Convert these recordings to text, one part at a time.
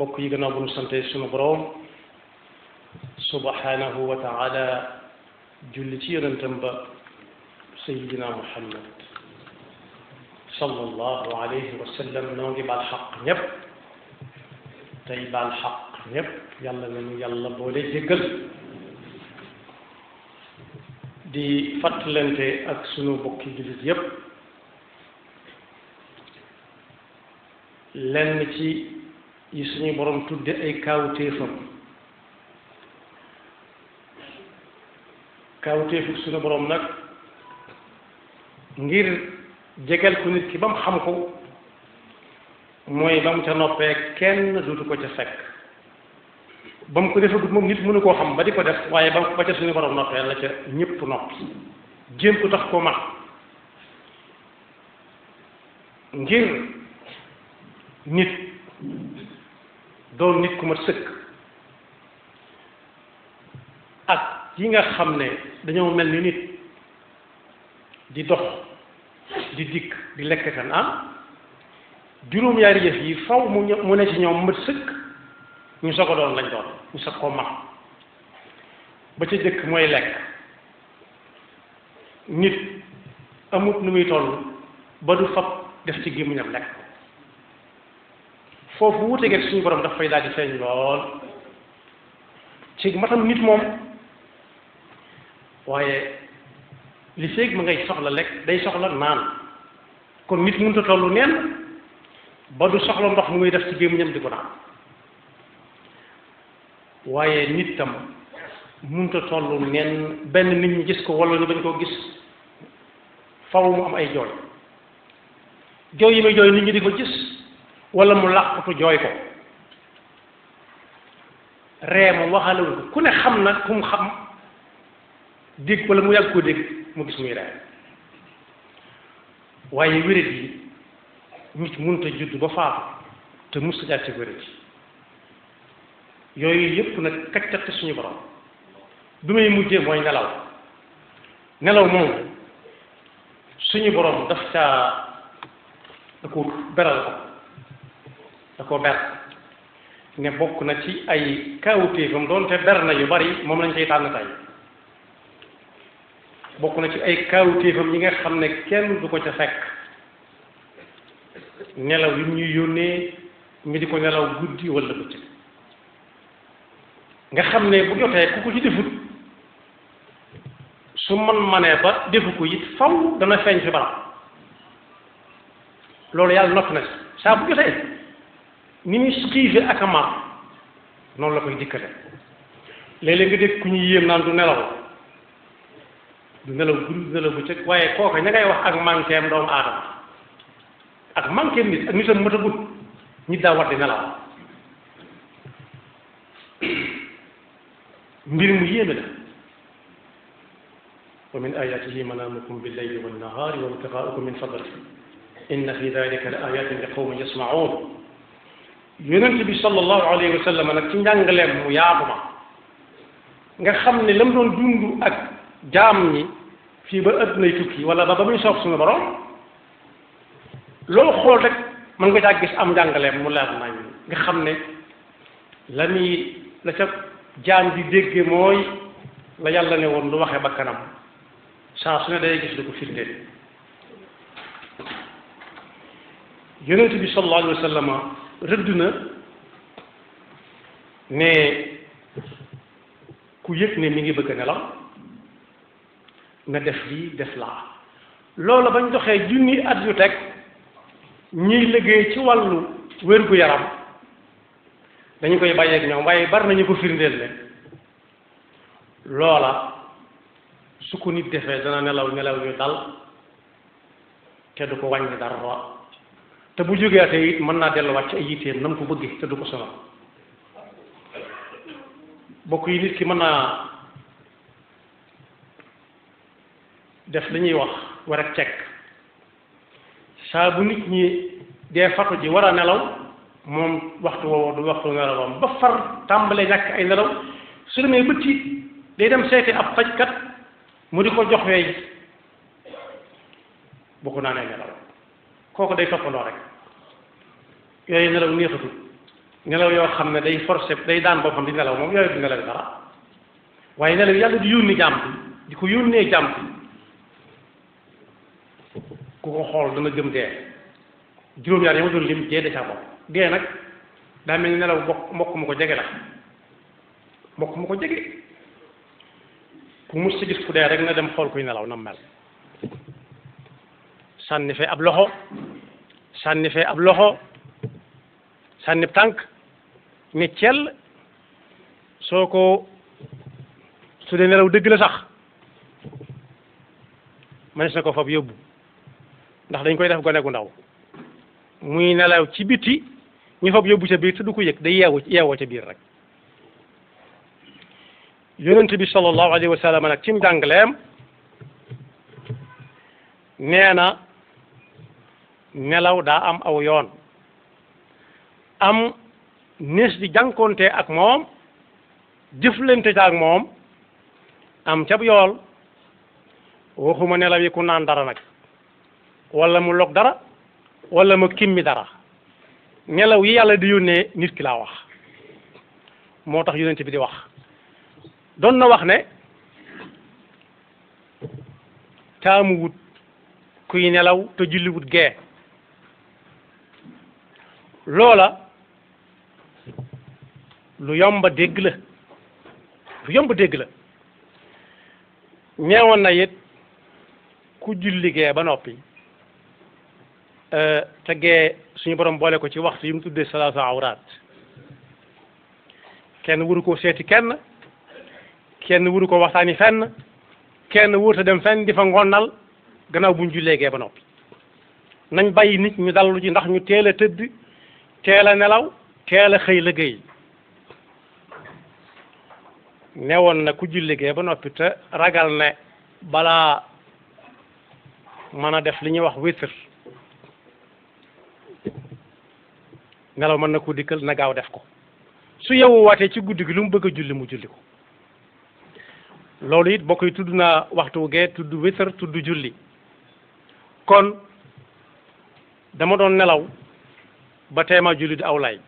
bokk yi gannaaw bu ñu sante sunu borom subhanahu wa taala julli ci yonentam ba sayidina muhammad sallallahu alayhi wa sallam noo ngi baal xaq ñépp tey baal xaq ñépp yàlla nañu yàlla boole jéggal di fàttalante ak sunu bokki jullit yépp lenn ci yi suñu borom tudde ay kaawteefam kaawteefu suñu borom nag ngir jegal ko nit ki ba mu xam ko mooy ba mu ca noppee kenn duutu ko ca fekk ba mu ko defagut moom nit mënu koo xam ba di ko def waaye ba ba ca suñu borom noppee la ca ñépp noppi jéem ko tax koo max ngir nit doon nit ku ma sëkk ak yi nga xam ne dañoo mel ni nit di dox di dikk di lekk kan am juróom yaari yëf yi faw mu mu ne ci ñoom mat sëkk ñu soog a doon lañ doon ñu soog koo mag ba ca jëkk mooy lekk nit amut nu muy toll ba du fab def ci gémmiñam lekk foofu wuute geeg suñu borom daf fay daal di feeñ lool ci matam nit moom waaye li feeg ma ngay soxla lekk day soxla naan kon nit mënut a toll neen ba du soxla ndox mu muy def ci gémmiñam di ko naan waaye nit tam mënut a toll neen benn nit ñi gis ko wala ñu bañ koo gis faw mu am ay jooy jooy yi muy jooy nit ñi di ko gis wala mu làqatu jooy ko ree moom waxalewul ku ne xam na ku mu xam dégg wala mu yàgg koo dégg mu gis muy ree waaye wéret yi nit mënta judd ba faatu te musta jaar ci wéret yi yooyu yëpp nag kaccat suñu borom bi may mujjee mooy nelaw nelaw moom suñu borom daf caa da ko beral da ko ber ne bokk na ci ay kaawutéefam doonte ber na yu bari moom lañ koy tànn tey bokk na ci ay kaawutéefam yi nga xam ne kenn du ko ca fekk nelaw yi ñuy yónnee ñu di ko nelaw guddi wala bëccëg nga xam ne bu jotee ku ko ci defut su man manee ba defu ko it faw dana feeñ fi barab loolu yàlla noppi na ci saa bu jotee ni muy xiife ak mar noonu la koy dikkate léeg-léeg nga ku ñuy yéem naan du nelaw du nelaw guddi du nelaw bëccëg waaye kooka ña wax ak manqueem doomu aadama ak manqueem nit ak nitam mëtagut nit daa war di nelaw mbir mu yéeme la wa min ayatihi manaamukum billayli wannahaari wa ibtigaa'ukum min fadlihi inna fi dalika la ayatin li qawmin yasma'uun yonent bi sallallahu alayhi wa sallam nag ci njàngaleem mu yaatu ma nga xam ni la doon dund ak jaam ñi fii ba addunay tukki wala ba ba muy soob suñu borom loolu xool rek mën nga am njàngaleem mu leer nañ nga xam ne la muy la ca jaam bi dégge mooy la yàlla ne woon lu waxee bakkanam saa su ne day gis lu ko firndeel bi sallallahu alayhi rëdd na ne ku yëg ne mi ngi bëgg nelaw na def lii def laa loola bañ doxee junni at yu teg ñiy liggéey ci wàllu wér gu yaram dañu koy bàyyeeg ñoom waaye bari nañu ko firndeel ne loola su ko nit defee dana nelaw nelaw yu dal te du ko wàññi dara te bu jógeatee it mën naa delluwaat ci ay yitteem na mu ko bëggee te du ko sonal bokk yi nit ki mën naa def li wax war ak saa bu nit ñi dee fatu ji war a nelaw moom waxtu woowu du waxtu nelawam ba far tàmbalee ñàkk ay nelaw su demee ba day dem seeti ab fajkat mu di ko jox weey bokk naa naanee nelaw kooku day toppandoo rek yooyu nelaw neexatul nelaw yoo xam ne day forcé day daan boppam di nelaw moom yooyu du nelaw dara waaye nelaw yàlla di yónni jàmm di ko yónnee jàmm ku ko xool dana jëm dee juróom-ñaar yi lim dee da caa dee nag daa mel ni nelaw mbokk mbokk mu ko jege la mbokk mu ko jege ku mus ci gis ku dee rek nga dem xool kuy nelaw na mel sànni fee ab loxo sànni fee ab loxo sànnib tànk ne cell soo ko su dee nelaw dëgg la sax mënees na ko fab yóbbu ndax dañ koy def gone gu ndaw muy nelaw ci biti ñu fab yóbbu ca biir te du ko yëg day yeewu yeewoo ca biir rek yonent bi sallallahu alayhi wa sallam nag ci njàngaleem nee na nelaw daa am aw yoon am nees di jànkonte ak moom jëflante ak moom am cab yool waxuma nelaw yi ku naan dara nag walla mu log dara wala mu kimmi dara nelaw yi yàlla di yónnee nit ki laa wax moo tax yonent bi di wax doon na wax ne taamu wut kuy nelaw te julli gee loola lu yomba dégg la lu yomba dégg la ñeewoon na it ku julligee ba noppi euh, te gee suñu borom boole ko ci waxtu yi mu tuddee salaasa awraat kenn wuru koo seeti kenn kenn wuru ko waxtaani fenn kenn wóorta dem fenn di fa ngonnal gannaaw buñ jullee gee ba noppi nañ bàyyi nit ñu dallu ji ndax ñu teel a tëdd teel nelaw teel a xëy liggéey newoon na ku julligee ba noppi te ragal ne balaa mën a def li ñuy wax witr nelaw mën na ko dikkal na gaaw def ko su yewu waatee ci guddi gi lu mu bëgg a julli mu julli ko loolu it bokk yi tudd na waxtu gee tudd witr tudd julli kon dama doon nelaw ba teema julli di aw lay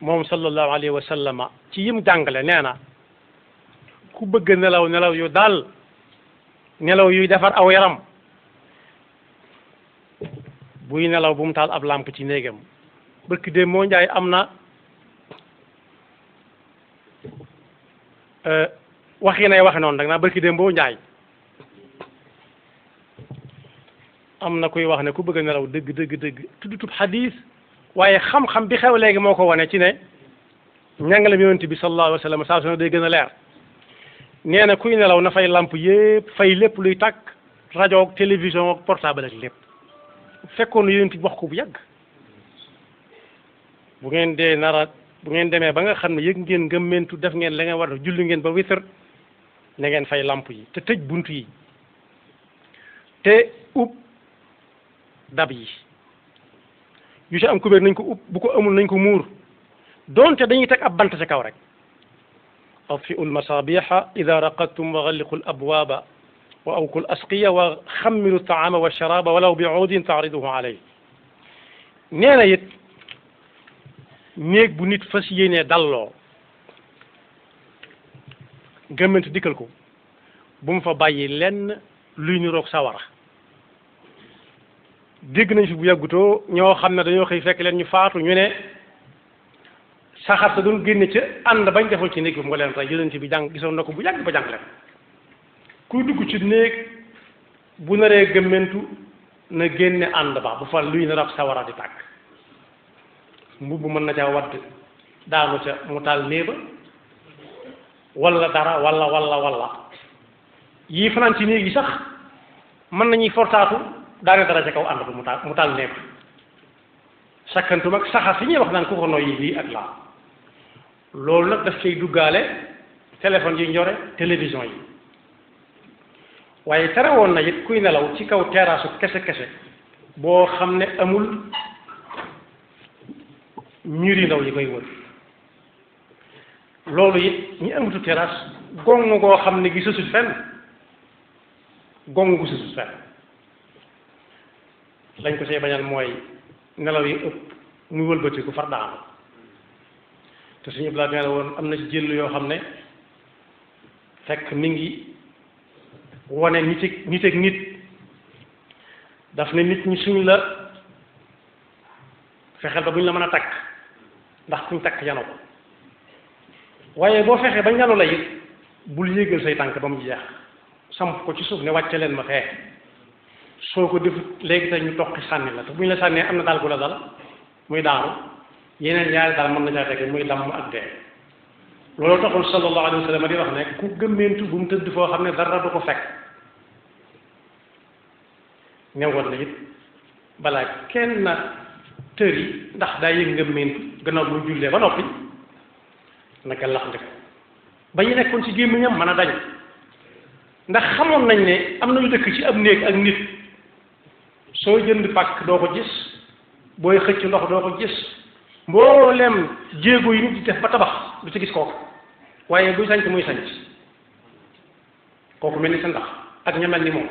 moom sallallahu alayhi wa sallama ci yim jàngale nee na ku bëgg nelaw nelaw yu daal nelaw yuy defar aw yaram buy nelaw bu mu ab làmp ci néegam bëkk de moo njaay am na euh, wax yi nay waxe noonu dag naa barki démb boo njaay am na kuy wax ne ku bëgg a nelaw dëgg dëgg dëgg tudd waaye xam-xam bi xew léegi moo ko wane ci ne njàngale mi bi sallallahu alayhi wa sallam saa su ne day gën a leer nee na kuy nelaw na fay làmp yëpp fay lépp luy takk rajo ak télévision ak portable ak lépp fekkoon yonent bi wax ko bu yàgg bu ngeen dee nara bu ngeen demee ba nga xam ne yëg ngeen ngëmmentu def ngeen la ngeen war a julli ngeen ba witr na ngeen fay làmp yi te tëj bunt yi te ub dab yi yu ci am kubéer nañ ko upp bu ko amul nañ ko muur donte dañuy teg ab bant ca kaw rek atfiu almasabiha ida raqadtum wa xalliqu alabwaaba wa awku alasqiya wa xammilu altaama wa alsharaba walaw bi uudin taariduhu alay nee na it néeg bu nit fas yéenee dalloo gëmmant dikkal ko bu mu fa bàyyi lenn luy niroog sawara dégg nañ fi bu yàggutoo ñoo xam ne dañoo xëy fekk leen ñu faatu ñu ne saxaar sa doon génne ca ànd bañ defoon ci néeg bi moo leen bi jàng gisoon na ko bu yàgg ba jàng dugg ci néeg naree gëmmentu na génne ànd ba bu fa luy na rab sawara tàkk mbubb mën na caa wadd daanu ca mu taal néeba walla dara walla walla walla yii fanaan ci néeg sax mën nañuy fortaatu daane dara ca kaw ànd ba mu taal mu taal nekk sakkantum ak saxaar si ñuy wax naan ku ko noyyi lii ak laa loolu nag daf cay duggaale téléphone yi njore télévision yi waaye tere woon na it kuy nelaw ci kaw teraasu kese kese boo xam ne amul mur ndaw yi koy wër loolu it ñi amutu terrasse gong goo xam ne gi susul fenn gong gu susul fenn lañ ko see bañal mooy nelaw yi ëpp muy wëlbatiku far daanu te suñu blaat la woon am na ci jëll yoo xam ne fekk mi ngi wone nit ak nit ak daf ne nit ñi suñ la fexeel ba buñ la mën a takk ndax kuñ takk yanu ko waaye boo fexee ba ñalu la bul yéegal say tànk ba mu jeex samp ko ci suuf ne wàcce leen ma fee soo ko defut léegi te ñu toqi sànni la te bu ñu la sànnee am na daal gu la dal muy daaru yeneen ñaari daal mën na caa fekk muy damm ak dee loolu taxul sallallahu alayhi wa di wax ne ku gëmmeentu bu mu tëdd foo xam ne dara du ko fekk newoon na it balaa kenn na tër yi ndax daa yëg ngëmmeentu gannaaw bu jullee ba noppi naka lax ndiko ba ñu nekkoon ci gémmiñam mën a dañ ndax xamoon nañ ne am na ñu dëkk ci ab néeg ak nit soo jënd pàkk doo ko gis booy xëcc ndox doo ko gis mboolem jéego yi nit di def ba tabax du ci gis kooku waaye buy sanc muy sanc kooku mel ni sa ndax ak ña mel ni moom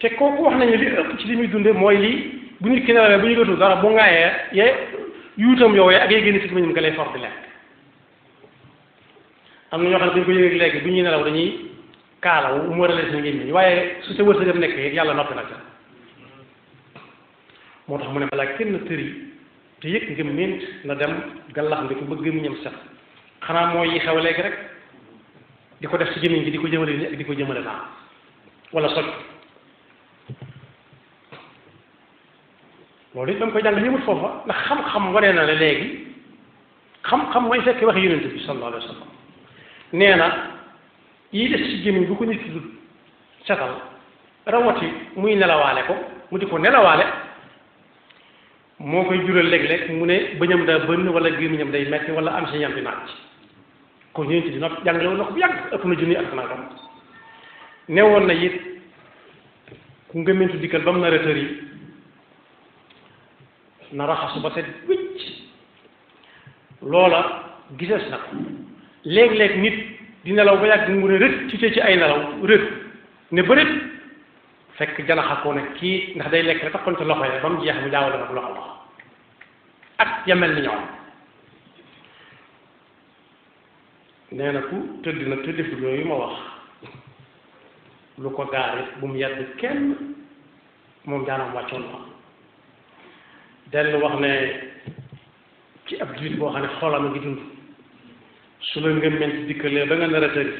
te kooku wax nañu li ci li muy dunde mooy lii bu nit ki nelawee bu ñu gëtul dara bu ngaayee yow ak yee génn si mañum lekk am ñoo xam ne bu ñu ko yëgee léegi bu ñuy nelaw dañuy kaalaw mu wërale seen gémmiñ waaye su sa wërsëgam nekk yàlla noppi na ca moo tax mu ne balaa kenn tëri te yëg nga mént na dem gàllax nga ko bëgg gémmiñam sax xanaa mooy yi xew léegi rek di ko def ci gémmiñ gi di ko jëmale ni ak di ko jëmale naa wala soj loolu it dama koy jàng yëmut foofa ndax xam-xam wane na la léegi xam-xam mooy fekk waxi yonente bi sallallahu alayhi wa na yi des ci gémmiñ bu ko muy nelawaale ko mu di ko nelawaale moo koy jural léeg-léeg mu ne bëñam daa bënn wala gémmiñam day metti wala am si ñam di naaj kon yéen ci ko bu yàgg ëpp na junni ak nangam ne woon na it ku ngëmeentu dikkal ba mu nar a yi na raxasu ba set wicc loola gisees na léeg-léeg nit di nelaw ba yàgg mu ne rët ci ci ay nelaw rët ne ba fekk janaxakoo ne kii ndax day lekk rek taxoon ca loxo ya ba mu jeex mu jaawale ko loxo loxo ak yamel ni ñoom nee na ku tëdd na tëddifu yooyu ma wax lu ko gaare bu mu yedd kenn moom jaanam wàccoon na dellu wax ne ci ab jullit boo xam ne xoolam a ngi dund su la ngëmment dikkalee ba nga nar a tëdd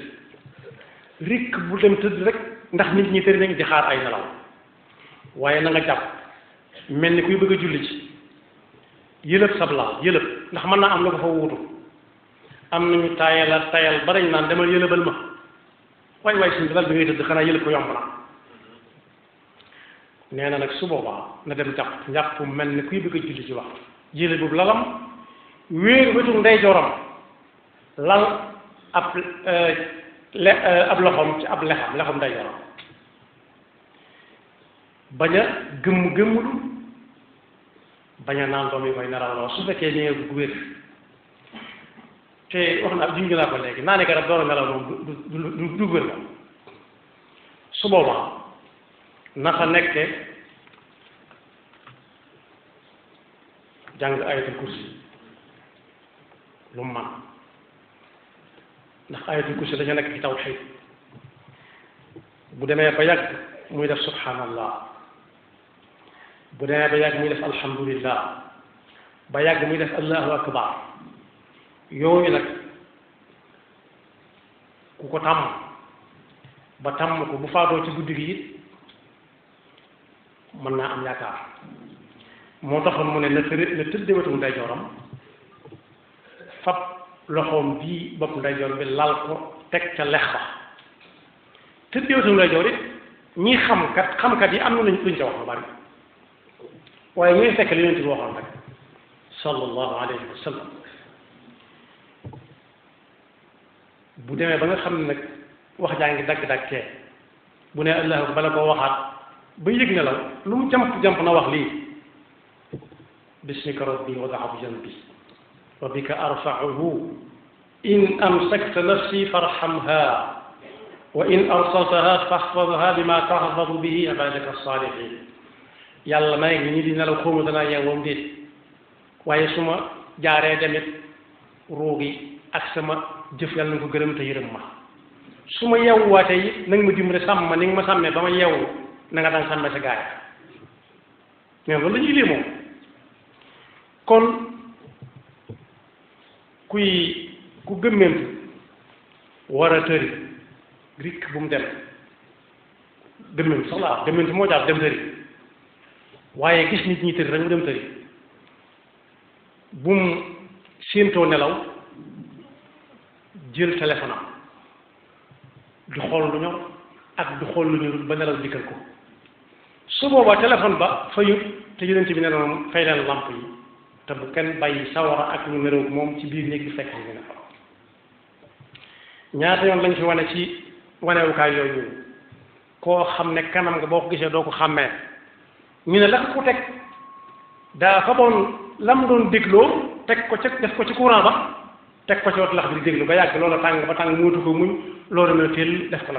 rikk bu dem tëdd rek ndax nit ñi tëri nañ di xaar ay nelaw waaye na nga jàpp mel ni kuy bëgg a julli ci yëlëb sabla yëlëb ndax mën naa am lu ko fa wuutu am nañu tayala tayal ba dañ naan demal yëlëbal ma waaye waaye suñu dal bi ngay tëdd xanaa yëlëb ko yomb na nee na nag su boobaa na dem jàpp njàpp mel ni kuy bëgg a julli ci waxtu yëlëb boobu lalam wéer wetu ndeyjooram lal ab euh, le euh, ab loxoom ci ab lexam lexam ndeyjooram baña a gëmm gëmmlu bañ naan doom yi koy naraw lool su fekkee nee bu wér te wax naa junj naa ko léegi naa ne door a nelaw moom du du du du wér su boobaa na fa jàng ayatul kursi lu man ndax ayatul kursi dañu nekk ci tawxiid bu demee ba yàgg muy def subhanallah bu demee ba yàgg muy def alhamdulillah ba yàgg muy def allahu akbar yooyu nag ku ko tàmm ba tàmm ko bu faatoo ci guddi gi it mën naa am yaakaar moo taxoon mu ne na tëdd na tëdd wetu ndeyjooram fab loxoom bii bopp ndeyjoor bi lal ko teg ca lex ba tëdd wetu joor it ñi xam kat xam kat yi am na luñ luñ ca wax lu bari waaye ñooy fekk li yonent bi waxoon rek sallallahu alayhi wa sallam bu demee ba nga xam ne nag wax jaa ngi dagg-daggee bu ne allahu bala koo waxaat ba yëg ne la lu mu jamp-jamp na wax lii bismika rabbi wadaabu janbi wa bika arfauhu in amsakta nafsi farhamha wa in arsaltaha fahfadha bima tahfadu bihi ibadaka alsalihin yàlla may ngi ñi di nelaw xawma danaa yeewoom déet waaye su ma jaaree demit ruugi ak sama jëf yàlla na ko gërëm te yërëm ma su ma yeewuwaatee it na nga ma dimbale ma ni nga ma sàmmee ba ma yeewu na nga daan sàmmee sa gaaya mais loolu ñuy lii moom kon kuy ku gëmmentu war a tëri rikk bu mu dem gëmmentu sax laa gëmmentu moo jaar dem tëri waaye gis nit ñi tëri rek mu dem tëri bum séentoo nelaw jël téléphone am du xool lu ñor ak du xool lu ñorul ba nelaw dikkal ko su boobaa téléphone ba fayut te yonent bi nee na moom fay leen lamp yi te bu kenn bàyyi sawara ak numéro moom ci biir néeg bi fekk ñu ne ñaata yoon lañ fi wane ci wanewukaay yooyu koo xam ne kanam nga boo ko gisee doo ko xàmmee ñu ne la ko teg daa fa doon lam doon dégloo teg ko ca def ko ci courant ba teg ko ci wat lax bi di déglu ba yàgg loola tàng ba tàng muutu ko muñ loolu mel teel def ko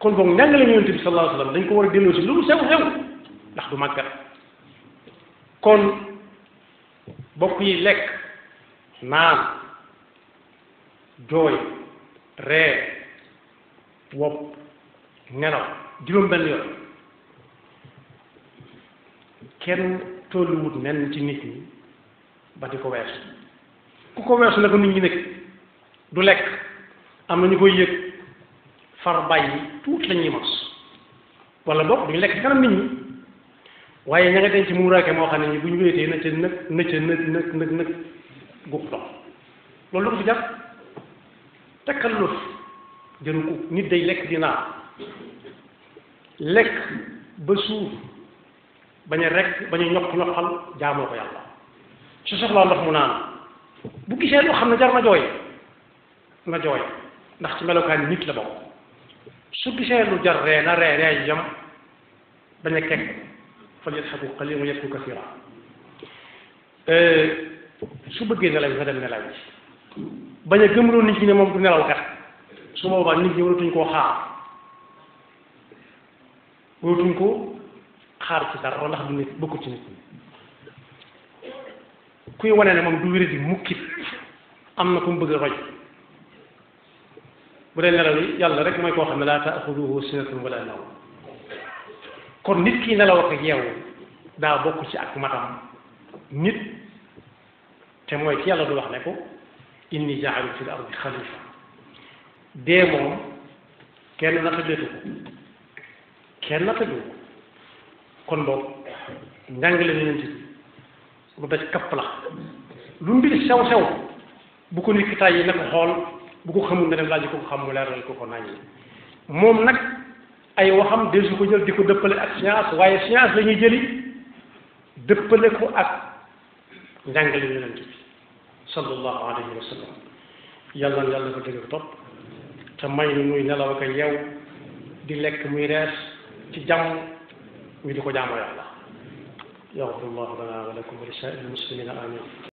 kon boog njàngale dañ ko war a delloo lu mu sew kon bokk yi lekk naan jooy ree wopp nelaw juróom benn yoon kenn tolluwut nen ci nit ñi ba di ko weesu ku ko weesu nag nit ñi nekk du lekk am na ñu koy yëg far bàyyi tuuti la ñuy mos wala boog duñu lekk kanam nit ñi waaye ña denc muuraake moo xam ne ñi bu ñu wéetee na ca nag na ca nag nag nag nag guub dox loolu lu ko fi jar takalluf jëru ko nit day lekk di lekk ba suuf bañ a rek bañ a ñokk ñokkal jaamoo ko yàlla su soxlaa ndox mu naan bu gisee loo xam ne jar na jooy na jooy ndax ci melokaan nit la bokk su gisee lu jar ree na ree ree yam bañ a kekk fal yadxaku qalilan wa yabku kasira euh, su bëggee nelaw nga dem nelaw ji bañ a gëmloo nit ñi ne moom du nelaw kat su boobaa nit ñi waratuñ koo xaar waratuñ ko xaaru ci dara ndax du nit bokkul ci nit kuy wane ne moom du wéradi mukkit am na ku mu bëgg a roy bu dee nelaw yi yàlla rek mooy koo xam ne laa taaxuduhu sinatun wala nawm kon nit ki nelaw ak yeewu daa bokk ci ak matam nit te mooy ci yàlla du wax ne ko inni jaalu fil ardi xalifa dee moom kenn natta déetu ko kenn natta déetu ko kon boog njàngale yonent bi lu daj kapp la lu mbir sew sew bu ko nit ki tàyyi na ko xool bu ko xamul na dem laaj ko ko xam mu leeral ko ko naññi moom nag ay waxam desu ko jël di ko dëppale ak science waaye science la jëli dëppale ko ak njàngale yonent bi sallallahu alayhi wa sallam yàlla yàlla ko dëgg topp te may nu muy nelaw ak yeew di lekk muy rees ci jàmm ñu di ko jaamu yàlla yaxfirullahu lana wa lakum wa li saa'iril muslimina amin